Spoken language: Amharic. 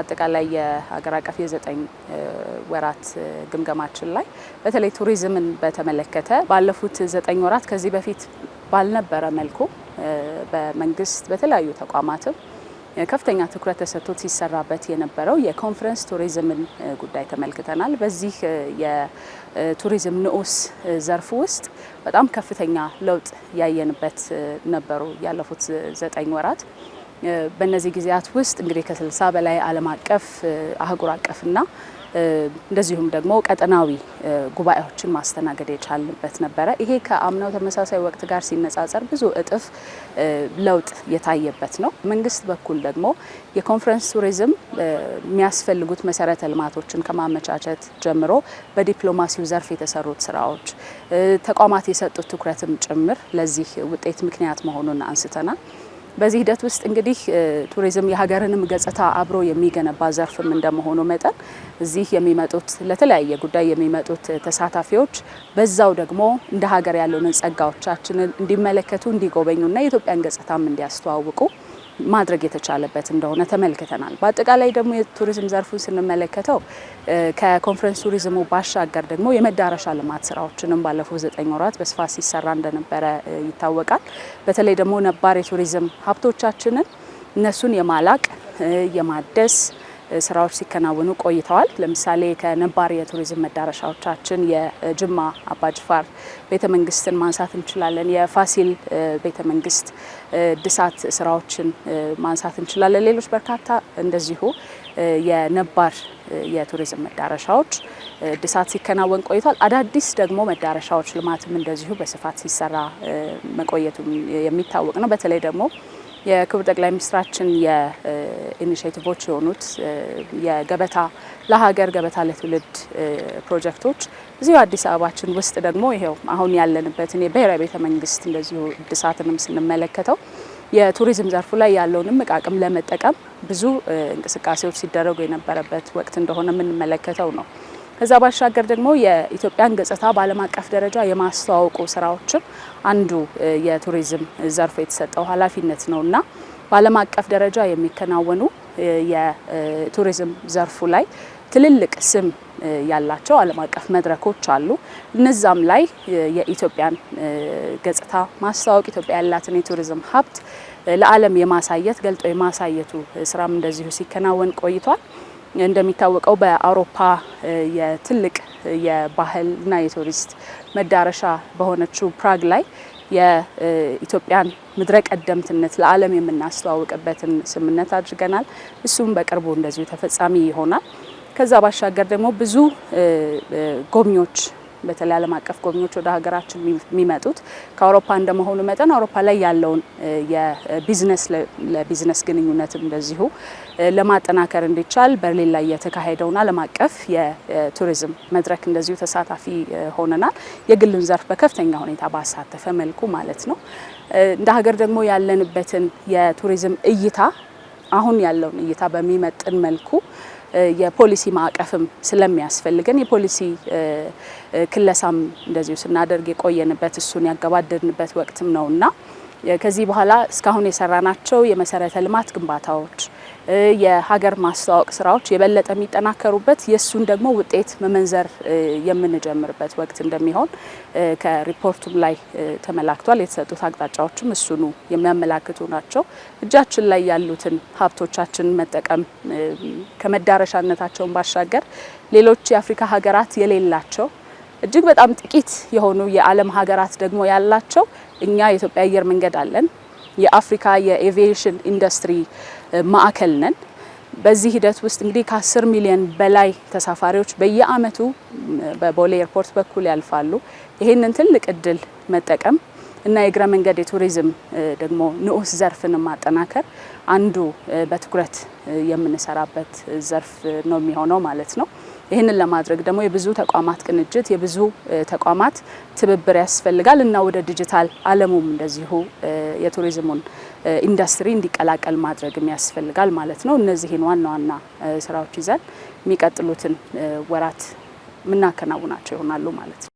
አጠቃላይ የሀገር አቀፍ የዘጠኝ ወራት ግምገማችን ላይ በተለይ ቱሪዝምን በተመለከተ ባለፉት ዘጠኝ ወራት ከዚህ በፊት ባልነበረ መልኩ በመንግስት በተለያዩ ተቋማትም ከፍተኛ ትኩረት ተሰጥቶት ሲሰራበት የነበረው የኮንፈረንስ ቱሪዝምን ጉዳይ ተመልክተናል። በዚህ የቱሪዝም ንዑስ ዘርፍ ውስጥ በጣም ከፍተኛ ለውጥ ያየንበት ነበሩ ያለፉት ዘጠኝ ወራት። በእነዚህ ጊዜያት ውስጥ እንግዲህ ከስልሳ በላይ ዓለም አቀፍ አህጉር አቀፍና እንደዚሁም ደግሞ ቀጠናዊ ጉባኤዎችን ማስተናገድ የቻልንበት ነበረ። ይሄ ከአምናው ተመሳሳይ ወቅት ጋር ሲነጻጸር ብዙ እጥፍ ለውጥ የታየበት ነው። መንግስት በኩል ደግሞ የኮንፈረንስ ቱሪዝም የሚያስፈልጉት መሰረተ ልማቶችን ከማመቻቸት ጀምሮ በዲፕሎማሲው ዘርፍ የተሰሩት ስራዎች፣ ተቋማት የሰጡት ትኩረትም ጭምር ለዚህ ውጤት ምክንያት መሆኑን አንስተናል። በዚህ ሂደት ውስጥ እንግዲህ ቱሪዝም የሀገርንም ገጽታ አብሮ የሚገነባ ዘርፍም እንደመሆኑ መጠን እዚህ የሚመጡት ለተለያየ ጉዳይ የሚመጡት ተሳታፊዎች በዛው ደግሞ እንደ ሀገር ያለንን ጸጋዎቻችንን እንዲመለከቱ እንዲጎበኙና የኢትዮጵያን ገጽታም እንዲያስተዋውቁ ማድረግ የተቻለበት እንደሆነ ተመልክተናል። በአጠቃላይ ደግሞ የቱሪዝም ዘርፉን ስንመለከተው ከኮንፈረንስ ቱሪዝሙ ባሻገር ደግሞ የመዳረሻ ልማት ስራዎችንም ባለፉት ዘጠኝ ወራት በስፋት ሲሰራ እንደነበረ ይታወቃል። በተለይ ደግሞ ነባር የቱሪዝም ሀብቶቻችንን እነሱን የማላቅ የማደስ ስራዎች ሲከናወኑ ቆይተዋል። ለምሳሌ ከነባር የቱሪዝም መዳረሻዎቻችን የጅማ አባጅፋር ቤተመንግስትን ማንሳት እንችላለን። የፋሲል ቤተመንግስት እድሳት ስራዎችን ማንሳት እንችላለን። ሌሎች በርካታ እንደዚሁ የነባር የቱሪዝም መዳረሻዎች እድሳት ሲከናወን ቆይቷል። አዳዲስ ደግሞ መዳረሻዎች ልማትም እንደዚሁ በስፋት ሲሰራ መቆየቱ የሚታወቅ ነው። በተለይ ደግሞ የክቡር ጠቅላይ ሚኒስትራችን የኢኒሽቲቮች የሆኑት የገበታ ለሀገር ገበታ ለትውልድ ፕሮጀክቶች እዚሁ አዲስ አበባችን ውስጥ ደግሞ ይሄው አሁን ያለንበት እኔ ብሔራዊ ቤተ መንግስት እንደዚሁ እድሳትንም ስንመለከተው የቱሪዝም ዘርፉ ላይ ያለውንም እቃቅም ለመጠቀም ብዙ እንቅስቃሴዎች ሲደረጉ የነበረበት ወቅት እንደሆነ የምንመለከተው ነው። ከዛ ባሻገር ደግሞ የኢትዮጵያን ገጽታ በዓለም አቀፍ ደረጃ የማስተዋወቁ ስራዎችም አንዱ የቱሪዝም ዘርፍ የተሰጠው ኃላፊነት ነው እና በዓለም አቀፍ ደረጃ የሚከናወኑ የቱሪዝም ዘርፉ ላይ ትልልቅ ስም ያላቸው ዓለም አቀፍ መድረኮች አሉ። እነዛም ላይ የኢትዮጵያን ገጽታ ማስተዋወቅ ኢትዮጵያ ያላትን የቱሪዝም ሀብት ለዓለም የማሳየት ገልጦ የማሳየቱ ስራም እንደዚሁ ሲከናወን ቆይቷል። እንደሚታወቀው በአውሮፓ የትልቅ የባህልና የቱሪስት መዳረሻ በሆነችው ፕራግ ላይ የኢትዮጵያን ምድረ ቀደምትነት ለዓለም የምናስተዋውቅበትን ስምምነት አድርገናል። እሱም በቅርቡ እንደዚሁ ተፈጻሚ ይሆናል። ከዛ ባሻገር ደግሞ ብዙ ጎብኚዎች በተለይ ዓለም አቀፍ ጎብኚዎች ወደ ሀገራችን የሚመጡት ከአውሮፓ እንደመሆኑ መጠን አውሮፓ ላይ ያለውን የቢዝነስ ለቢዝነስ ግንኙነት እንደዚሁ ለማጠናከር እንዲቻል በርሊን ላይ የተካሄደውን ዓለም አቀፍ የቱሪዝም መድረክ እንደዚሁ ተሳታፊ ሆነናል። የግልን ዘርፍ በከፍተኛ ሁኔታ ባሳተፈ መልኩ ማለት ነው። እንደ ሀገር ደግሞ ያለንበትን የቱሪዝም እይታ አሁን ያለውን እይታ በሚመጥን መልኩ የፖሊሲ ማዕቀፍም ስለሚያስፈልገን የፖሊሲ ክለሳም እንደዚሁ ስናደርግ የቆየንበት እሱን ያገባደድንበት ወቅትም ነውና ከዚህ በኋላ እስካሁን የሰራናቸው የመሰረተ ልማት ግንባታዎች፣ የሀገር ማስተዋወቅ ስራዎች የበለጠ የሚጠናከሩበት የእሱን ደግሞ ውጤት መመንዘር የምንጀምርበት ወቅት እንደሚሆን ከሪፖርቱም ላይ ተመላክቷል። የተሰጡት አቅጣጫዎችም እሱኑ የሚያመላክቱ ናቸው። እጃችን ላይ ያሉትን ሀብቶቻችንን መጠቀም ከመዳረሻነታቸውን ባሻገር ሌሎች የአፍሪካ ሀገራት የሌላቸው እጅግ በጣም ጥቂት የሆኑ የዓለም ሀገራት ደግሞ ያላቸው እኛ የኢትዮጵያ አየር መንገድ አለን። የአፍሪካ የኤቪዬሽን ኢንዱስትሪ ማዕከል ነን። በዚህ ሂደት ውስጥ እንግዲህ ከ10 ሚሊዮን በላይ ተሳፋሪዎች በየአመቱ በቦሌ ኤርፖርት በኩል ያልፋሉ። ይህንን ትልቅ እድል መጠቀም እና የእግረ መንገድ የቱሪዝም ደግሞ ንዑስ ዘርፍን ማጠናከር አንዱ በትኩረት የምንሰራበት ዘርፍ ነው የሚሆነው ማለት ነው። ይህንን ለማድረግ ደግሞ የብዙ ተቋማት ቅንጅት፣ የብዙ ተቋማት ትብብር ያስፈልጋል እና ወደ ዲጂታል ዓለሙም እንደዚሁ የቱሪዝሙን ኢንዱስትሪ እንዲቀላቀል ማድረግም ያስፈልጋል ማለት ነው። እነዚህን ዋና ዋና ስራዎች ይዘን የሚቀጥሉትን ወራት የምናከናውናቸው ይሆናሉ ማለት ነው።